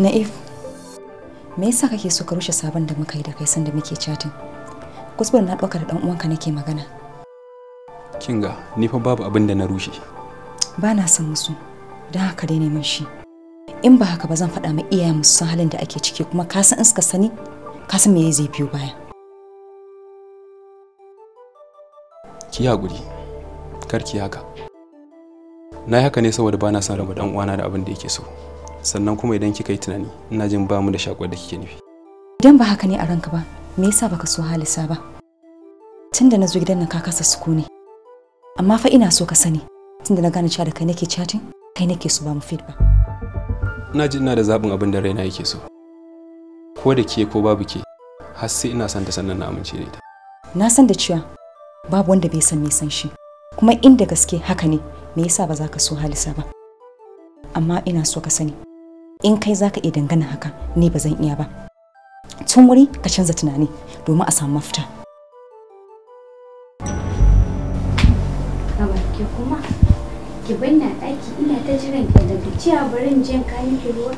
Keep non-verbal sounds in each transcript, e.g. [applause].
Na'if, me yasa kake so ka rushe sabon da muka yi da kai sanda muke chatin? Kusbar na ɗauka da ɗan uwanka nake magana. Kinga, ni fa babu abin da na rushe. Ba na son musu, don haka dai neman shi. In ba haka ba zan faɗa ma iyaye musu san halin da ake ciki kuma ka san in suka sani, ka san me zai biyo baya. Ki haƙuri, kar ki haka. Na yi haka ne saboda ba na son raba ɗan uwana da abin da yake so. sannan kuma idan kika yi tunani ina jin ba mu da shakwar da kike nufi idan ba haka ne a ranka ba me yasa baka so halisa ba tunda na zo gidan nan ka kasa ne. amma fa ina so ka sani tunda na gane cewa da kai nake chatting kai nake so ba mu feedback ina ji ina da zabin abin da raina yake so ko da ke ko babu ke har sai ina son ta sannan na amince da ita na san da cewa babu wanda bai san me san shi kuma inda gaske haka ne me yasa ba za ka so halisa ba amma ina so ka sani in kai za ka iya dangana haka ni ba zan iya ba tun wuri ka canza tunani domin a samu mafita ke kuma ki binna ɗaki ina ta jiran ki da dukiya barin jin kayan ki ruwa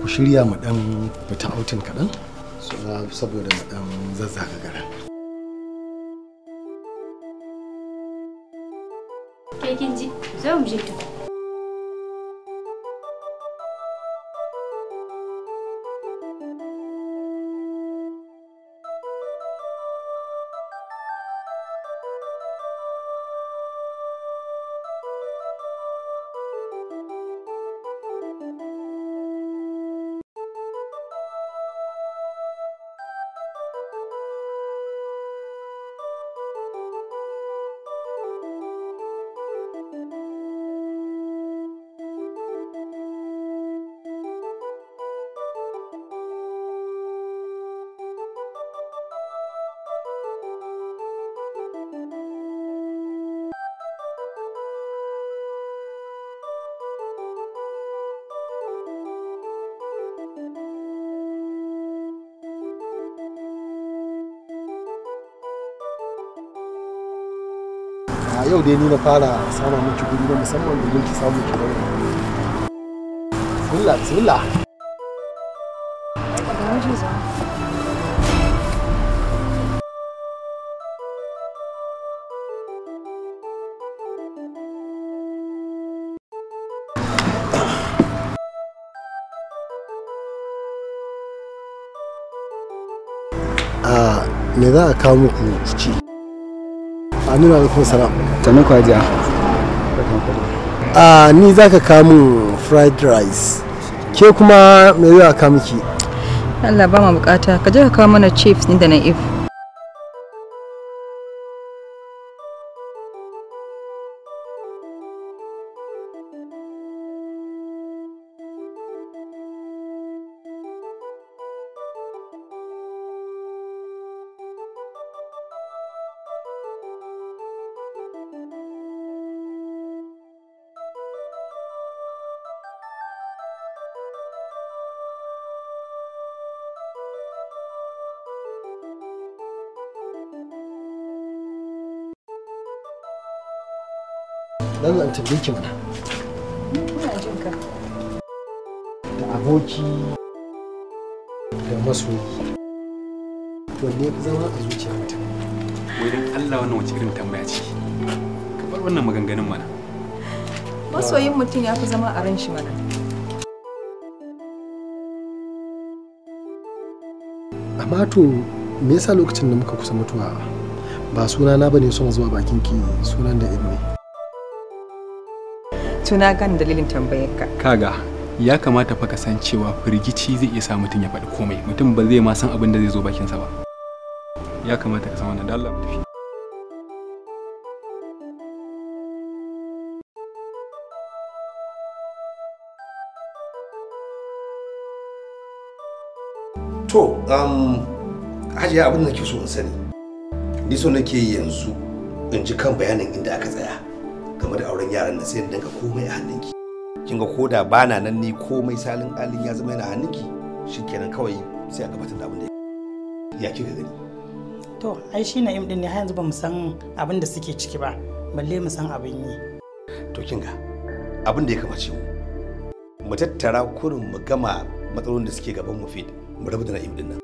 ku shirya mu dan fita autin kaɗan saboda mu zazzaka garin ikinci. Güzel objektif. yau dai ni na fara sama miki guri na musamman domin ki samu ki zauna bismillah bismillah ah, me za a kawo muku ci aminu alaikum salam ta nuka hajiya a ni za ka kamun fried rice ke kuma me zai ka Allah ba ma bukata ka je ka kawo mana chips ni da na if dan zan tambaye ki mana ina jin ka da aboki da masoyi wanne ya zama a zuciyar mutum wai dan Allah wannan wace irin tambaya ce ka bar wannan maganganun mana masoyin mutum ya fi zama a ran shi mana amma to me yasa lokacin da muka kusa mutuwa ba suna na bane son zuwa bakin ki sunan da ne. tuna gan dalilin tambayarka kaga ya kamata fa san cewa firgici zai iya sa mutum ya faɗi komai mutum ba zai ma san abin da zai zo bakinsa ba ya kamata ka san wannan da Allah tafi to um, haji abin da kike so in sani ni so nake yanzu in ji kan bayanin inda aka tsaya game da auren yaran nan sai in dinga komai a hannunki kin ga koda bana nan ni komai salin alin ya zama yana hannunki shikenan kawai sai a gabatar da abin da ya kika gani to ai shi na'im din ne har yanzu ba mu san abin da suke ciki ba balle mu san abin yi to kin ga abin da ya kamace mu mu tattara kurin mu gama matsalolin da suke gaban mu fit mu rabu da na'im din nan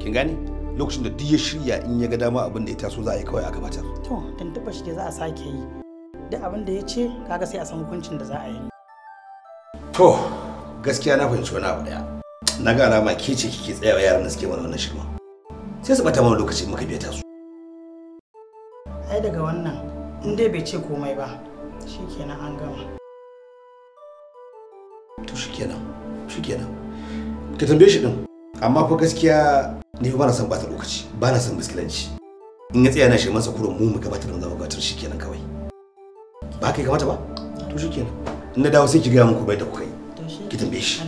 kin gane lokacin da duk ya shirya in ya ga dama abin da ya taso za a yi kawai a gabatar to dan taba shi za a sake yi duk abin da ya ce kaga sai a san hukuncin da za a yi to gaskiya na fahimci wani abu daya na ga alama ke ce kike tsayawa yaran da suke mana wannan shirma sai su bata mana lokaci muka biya ta su ai daga wannan in dai bai ce komai ba shikenan an gama to shikenan shikenan ka tambaye shi din amma fa gaskiya ni ba na son bata lokaci ba na son biskilanci in ya tsaya na shirman sa kurin mu mu gabatar da zama gabatar shikenan kawai ba ka ya kamata ba to shikenan in na dawo sai ki gaya muku bai da kuka yi ki tambaye shi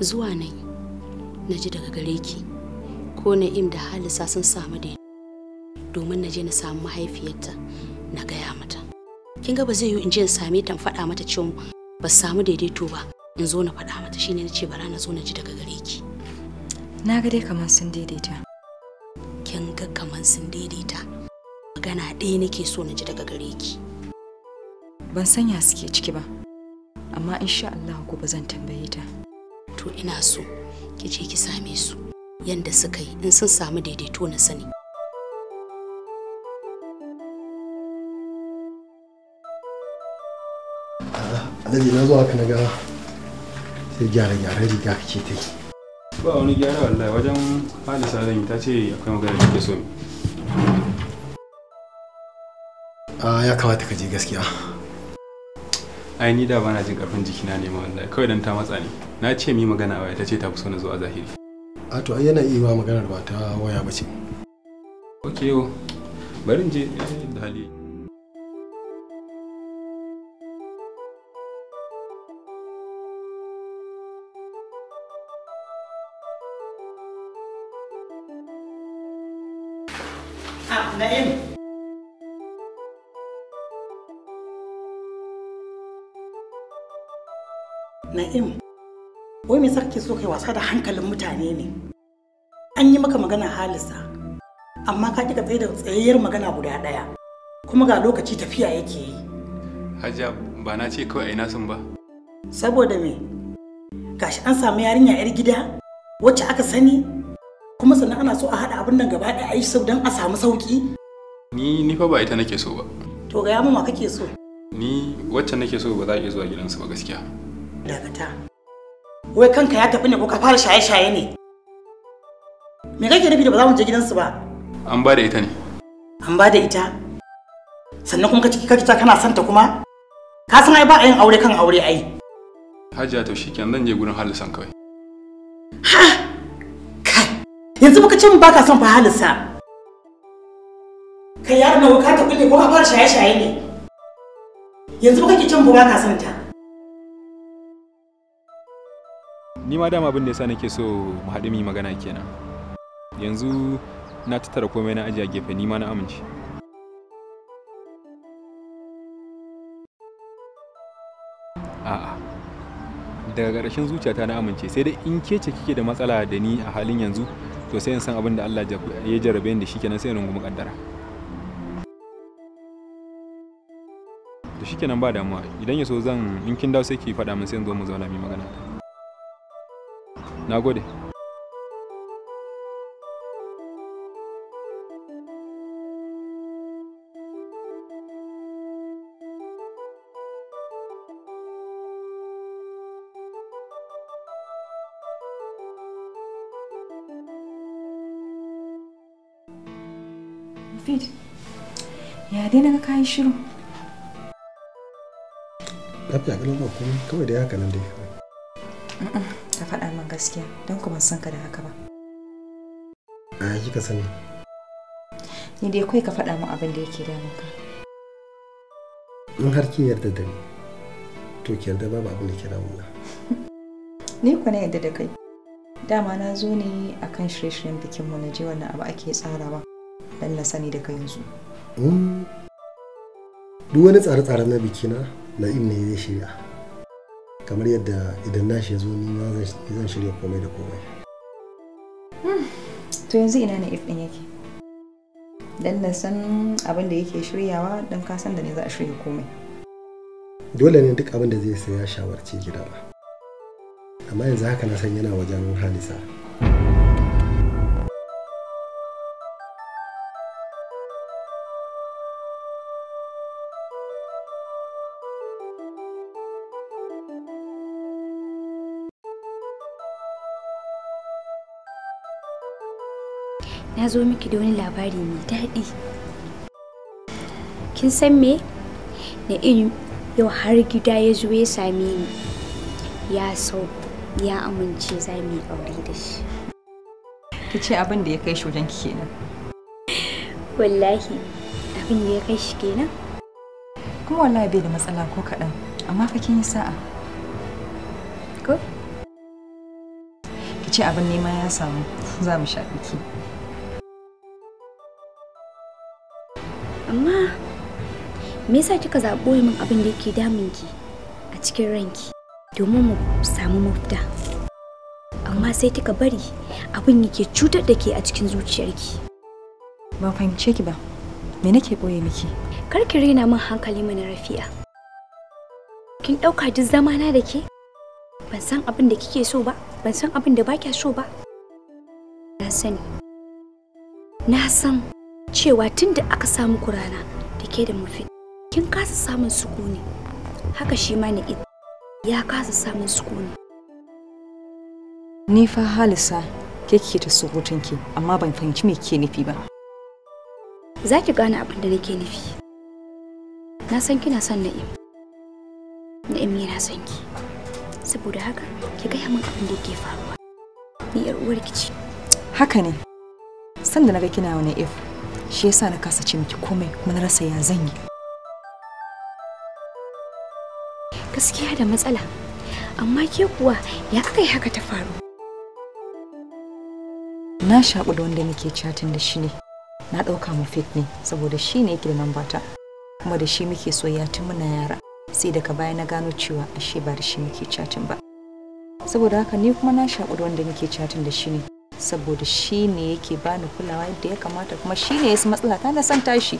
zuwa nan na ji daga gare ki ko na im da halisa sun samu da domin na je na samu mahaifiyarta na gaya mata kin ga ba zai yi in je in same ta faɗa mata cewa ba samu daidaito ba in zo na faɗa mata shine na ce bara na zo na ji daga gare ki na ga dai kamar sun daidaita kin ga kamar sun daidaita magana ɗaya nake so na ji daga gare ki ban sanya suke ciki ba amma insha Allah gobe zan tambaye ta to ina so ki je ki same su yanda suka yi in sun samu daidaito na sani alhaji na zuwa ka na sai gyara gyara riga kake ta yi ba wani gyara wallahi wajen halisa zan yi ta ce akwai magana da ke so a ah, ya kamata ka je gaskiya ai ni da bana jin karfin jikina ne ma wallahi kawai dan ta matsa ne na ce mi magana waya ta ce ta fi na zo a zahiri a to ai yana iya maganar ba ta waya ba ce yo bari je eh, da hali Ah, Naim. Na'im, wai me sake so kai wasa da hankalin mutane ne? An yi maka magana halisa, amma ka kika tsaye da tsayayyar magana guda ɗaya, kuma ga lokaci tafiya yake yi. Hajiya ba na ce kawai ina sun ba. Saboda me? Gashi an samu yarinya 'yar gida wacce aka sani kuma sannan ana so a haɗa abin nan gaba ɗaya a yi sau don a samu sauƙi. Ni ni fa ba ita nake so ba. To ga yamma kake so? Ni wacce nake so ba za a iya zuwa gidansu ba gaskiya. dakata wai kanka ya tafi ne ko ka fara shaye-shaye ne me kake nufi da ba za mu je gidansu ba an ba da ita ne an ba da ita sannan kuma kaci kaci kana santa ta kuma ka san ai ba a yin aure kan aure ai hajiya to shikenan zan je gurin halisan kawai ha kai yanzu baka ce min baka son fa halisa kai yaro na ka tafi ne ko ka fara shaye-shaye ne yanzu baka ke min baka ka ta ni ma dama abin da yasa nake so mu haɗu mu magana kenan yanzu na tattara komai na ajiye gefe ni ma na amince a'a daga ƙarshen zuciyata na amince sai dai in ke ce kike da matsala da ni a halin yanzu to sai in san abin da Allah ya jarabe ni da shi kenan sai in rungumi kaddara to shikenan ba damuwa idan ya so zan in kin dawo sai ki faɗa min sai in zo mu zauna mu magana na gode Mufid, ya dai naga kayi shiru. Lafiya ganin ba komai kawai da haka nan dai. gaskiya don kuma san ka da haka ba a yi ka sani ni dai kai ka faɗa mu abin da yake damun ka in har ki yarda da ni to ki yarda babu abin da ke damuna [laughs] ni ku na yarda da kai dama na zo ne kan shirye-shiryen bikin na ji wannan abu ake tsarawa dan na sani da kai yanzu hmm. duk wani tsare-tsare na bikina na ne zai shirya kamar yadda idan nashi ya zo ni zan shirya komai da komai hmm. to yanzu ina na if din yake dan na san abin da yake shiryawa don ka san da ne za a shirya komai dole ne duk abin da zai saya shawarci gida ba amma yanzu haka na san yana wajen halisa na zo miki da wani labari mai daɗi kin san me na yau har gida ya zo ya same ni ya sau ya amince za mu yi aure da shi ki ce abin da ya kai shi wajen ki kenan wallahi abin da ya kai shi kenan kuma wallahi bai da matsala ko kaɗan amma fa kin yi sa'a ko ki ce abin nema ya samu za mu sha biki Amma me yasa kika zaɓo min abin da yake ki a cikin ranki domin mu samu mafita? Amma sai kika bari abin yake cutar da ke a cikin zuciyarki. Ba fahimce ki ba. Me nake ɓoye miki? Kar ki raina min hankali mana Rafi'a. Kin ɗauka duk zamana da ke? Ban san abin da kike so ba, ban san abin da ba so ba. Na sani. Na san cewa tun da aka samu kurana da ke da mafi kin kasa samun sukuni haka shi ma ita ya kasa samun sukuni ni fa halisa ke ke ta surutunki amma ban fahimci me ke nufi ba za ki gane abin da nake nufi na san kina son na'im na'im yana son ki saboda haka ki gaya min abin da ke faruwa ni yar uwarki ce haka ne san da naga kina wani if shi yasa na kasa ce miki komai kuma na rasa ya zan yi gaskiya da matsala amma ke kuwa ya aka yi haka ta faru na shaƙu da wanda nake chatin da shi ne na ɗauka mu fit ne saboda shi ne da bata kuma da shi muke soyayya tun muna yara sai daga baya na gano cewa ashe ba da shi muke chatin ba saboda haka ni kuma na shaƙu da wanda muke chatin da shi ne saboda shi ne yake bani kulawa yadda ya kamata kuma shi ne ya su matsala ta na san tashi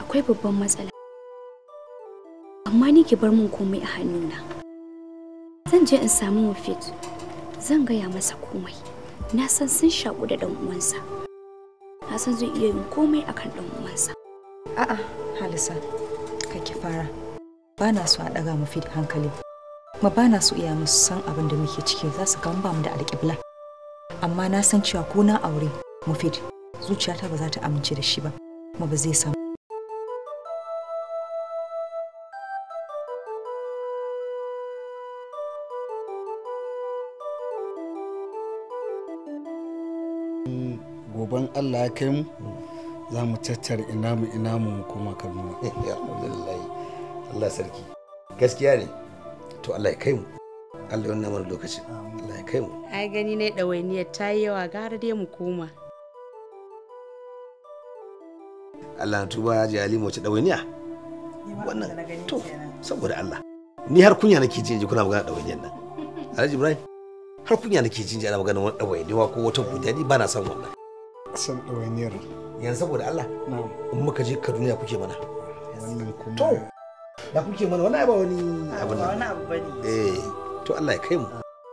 akwai babban matsala amma ni ki bar min komai a na. zan je in samu mafit zan gaya masa komai na san sun shaku da ɗan uwansa na san zai iya yin komai akan dan uwansa a'a halisa ka ki fara ba na so a daga mafi hankali ma ba na so iya musu san abin da muke ciki za su gamba mu da alƙibla amma na san cewa ko na aure mufid zuciyata ba za ta amince da shi ba kuma ba zai samu goban allah ya kai mu za mu tattara ina mu ina mu kuma kaduna [laughs] allah sarki gaskiya ne to Allah ya kai mu Allah wannan mana lokaci Allah ya kai mu ai gani ne ɗawainiyar ta yi yawa gara dai mu koma Allah na tuba ji Ali mace ɗawainiya wannan to saboda Allah ni har kunya nake jin ji kuna magana ɗawainiyar nan Alhaji Ibrahim har kunya nake jin ji ana magana wani ɗawainiya ko wata buta ni ba na son wannan san ɗawainiyar yanzu saboda Allah in muka je Kaduna kuke mana wannan kuma da kuke mana wani abu wani abu ne wani abu eh to Allah ya kai mu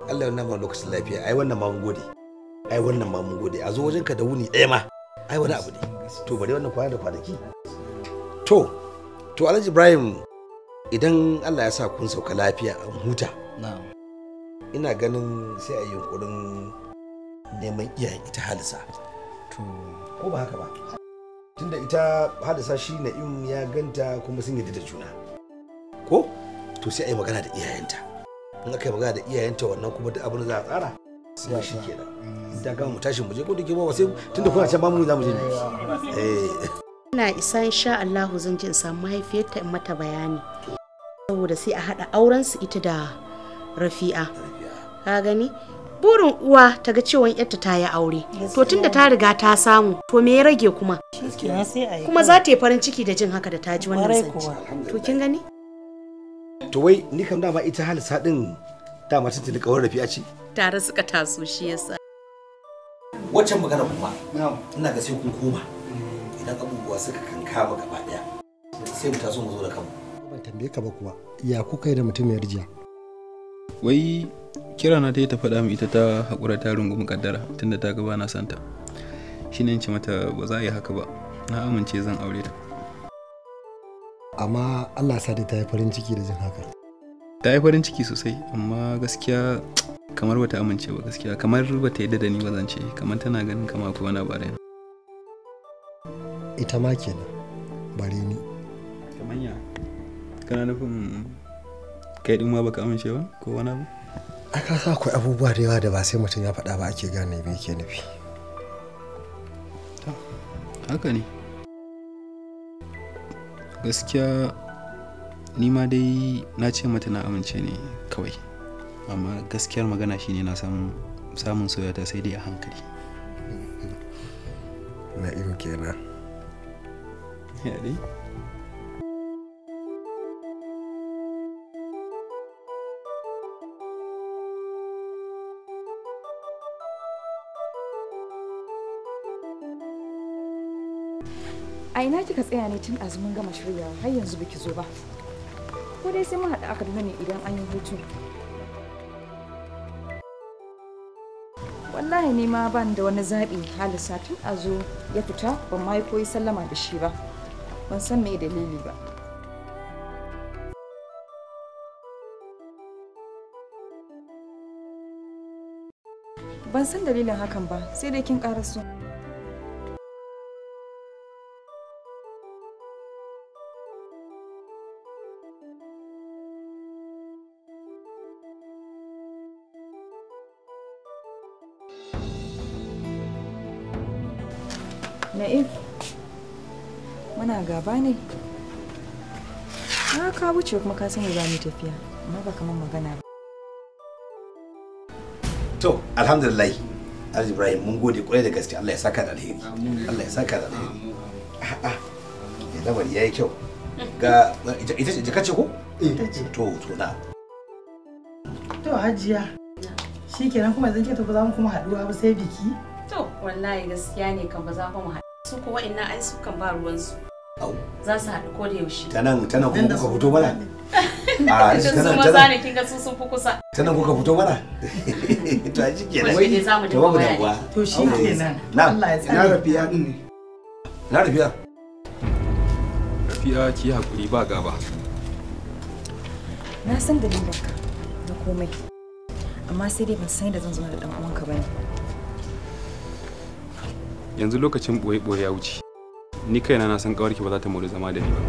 Allah ya nama lokacin lafiya ai wannan ma mun gode ai wannan ma mun gode a zo wajen ka da wuni ɗaya ma ai wani abu ne to bari wannan kwana da kwanaki to to Alhaji Ibrahim idan Allah ya sa kun sauka lafiya an huta ina ganin sai a yi yunkurin neman iyayen ita halisa ko ba haka ba tunda ita halisa shi na yin ya ganta kuma sun yi da juna ko to sai a yi magana da iyayenta in aka yi magana da iyayenta wannan kuma duk abin da za a tsara sai shi kenan da ga mu tashi mu je ko dake ba sai tunda kuna can ba mu za mu je ne eh ina isa insha Allah zan je in samu mahaifiyarta in mata bayani saboda sai a hada auren su ita da Rafi'a ka gani burin uwa ta ga cewa yarta ta yi aure to tunda ta riga ta samu to me ya rage kuma kuma za ta yi farin ciki da jin haka da ta ji wannan zance to kin gani to wai ni kam dama ita halisa din dama mace tuni kawar rafi a ce tare suka taso shi yasa Wacce magana kuma ina ga sai kun koma idan abubuwa suka kankama gaba daya sai mu taso mu zo da kanmu ban tambaye ka ba kuwa ya kuka yi da mutum ya rijiya wai kira na ta ta faɗa mu ita ta haƙura ta rungumi kaddara tunda ta gaba na santa shi ne in ce mata ba za a yi haka ba na amince zan aure ta amma allah sa ta yi farin ciki da jin haka ta yi farin ciki sosai amma gaskiya kamar bata amince ba gaskiya kamar bata yadda da ni ba zance kamar tana ganin kama akwai wani bare ni ita ma kenan bare ni kamar ya kana nufin kai din ma baka amince ba ko wani abu a ka sa akwai abubuwa da yawa da ba sai mutum ya faɗa ba ake gane me yake nufi haka ne gaskiya ni ma dai na ce mata na amince ne kawai amma gaskiyar magana shine na samun soyata sai dai a hankali na kenan ya dai A ina kika tsaya ne tun azumin gama shirya har yanzu biki zo ba. Ko dai sai mun haɗu aka dana ne idan an yi hutu. Wallahi ne ma ban da wani zaɓi halisa tun a zo ya fita ban ma koyi sallama da shi ba. Ban san me dalili ba. Ban san dalilin hakan ba sai dai kin ƙara so. gaba ne na ka wuce kuma ka sani za mu tafiya amma ba kamar magana ba to alhamdulillah alhaji ibrahim mun gode kwarai da gaske allah ya saka da alheri allah ya saka da alheri a'a ya lamari yayi kyau ga ita ce jika ce ko eh, to to na to hajiya shikenan kuma zan ce to ba za mu kuma haduwa ba sai biki to wallahi gaskiya ne kan ba za mu haɗu su ko wa'annan ai su kan ba ruwan su za su haɗu ko da yaushe ta nan ta nan kuma kuka fito mana [laughs] ah, a ta nan ta nan kin ga su sun fi kusa ta nan kuka fito mana [laughs] to a ji kenan wai ne zamu da bayani to shi kenan na rafiya din ne na rafiya rafiya ki hakuri ba gaba na san dalilin ka da komai amma sai dai ban san da zan zo da ɗan uwanka ba ne. yanzu lokacin ɓoye-ɓoye ya wuce ni kaina na san kawarki ba za ta mori zama da ni ba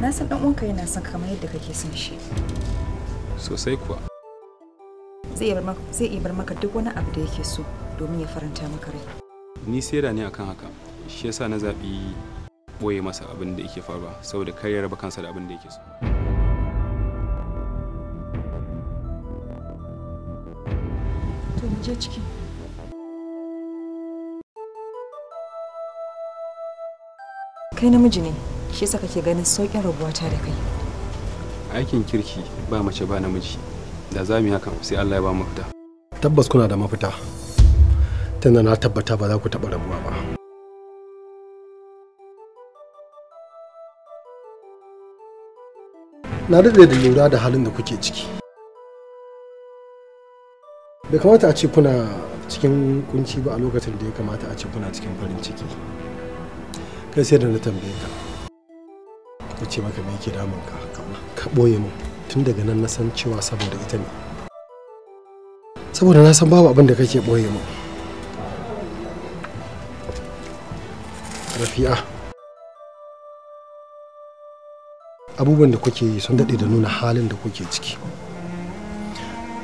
na san dan uwanka yana son kamar yadda kake son shi sosai kuwa zai iya bar maka duk wani abu da yake so domin ya faranta maka rai ni sera ne akan haka shi yasa na zaɓi ɓoye masa abin da yake faruwa saboda kar ya kansa da abin da yake so to mu ciki kai namiji ne shi yasa kake ganin sauƙin ta da kai aikin kirki ba mace ba namiji da za mu yi hakan sai Allah ya ba mafita tabbas kuna da mafita tunda na tabbata ba za ku taɓa rabuwa ba na daɗe da lura da halin da kuke ciki bai kamata a ce kuna cikin kunci ba a lokacin da ya kamata a ce kuna cikin farin ciki kai sai da na tambaye ka ka ce maka me yake damun ka ka ɓoye mu tun daga nan na san cewa saboda ita ne saboda na san babu abin da kake boye mu rafi'a abubuwan da kuke yi sun daɗe da nuna halin da kuke ciki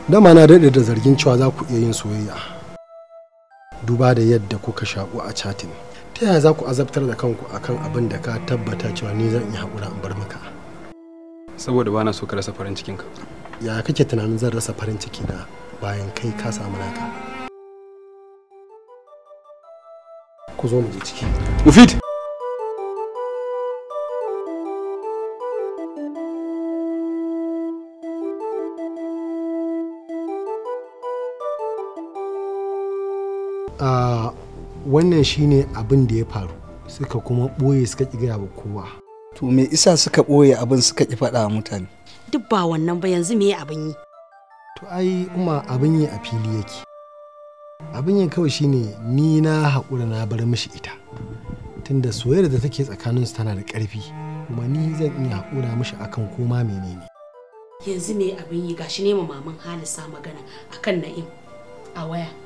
dama na daɗe da zargin cewa za ku iya yin soyayya duba da yadda kuka shaƙu a chatin ta yaya za ku azabtar da kanku akan abin da ka tabbata cewa ni zan yi haƙura in bar maka saboda bana so ka rasa farin cikinka ya kake tunanin zan rasa farin ciki na bayan kai ka samu naka ku zo mu je ciki mufid Uh, wannan shine abin da ya faru suka kuma ɓoye suka ƙi gaya wa kowa to me isa suka ɓoye abin suka ƙi faɗa mutane duk ba wannan ba yanzu me abin yi to ai kuma abin yi a fili yake abin yi kawai shine ni na haƙura na bar mishi ita tunda soyayyar da take tsakaninsu tana da ƙarfi kuma ni zan iya haƙura mishi akan koma menene yanzu me abin yi gashi ne ma maman halisa magana akan na'im a waya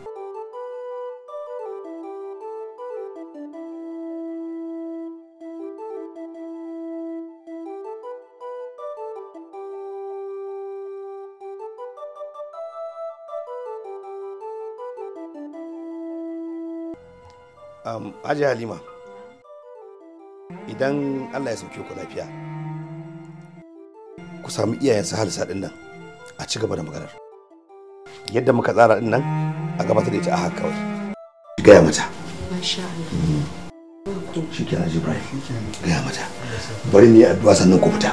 um, Halima idan Allah ya sauke ku lafiya ku sami iyayen su halisa din nan a ci gaba da maganar yadda muka tsara din nan a gabata da ita a haka kawai gaya mata shi gaya mata bari ni addu'a sannan ku fita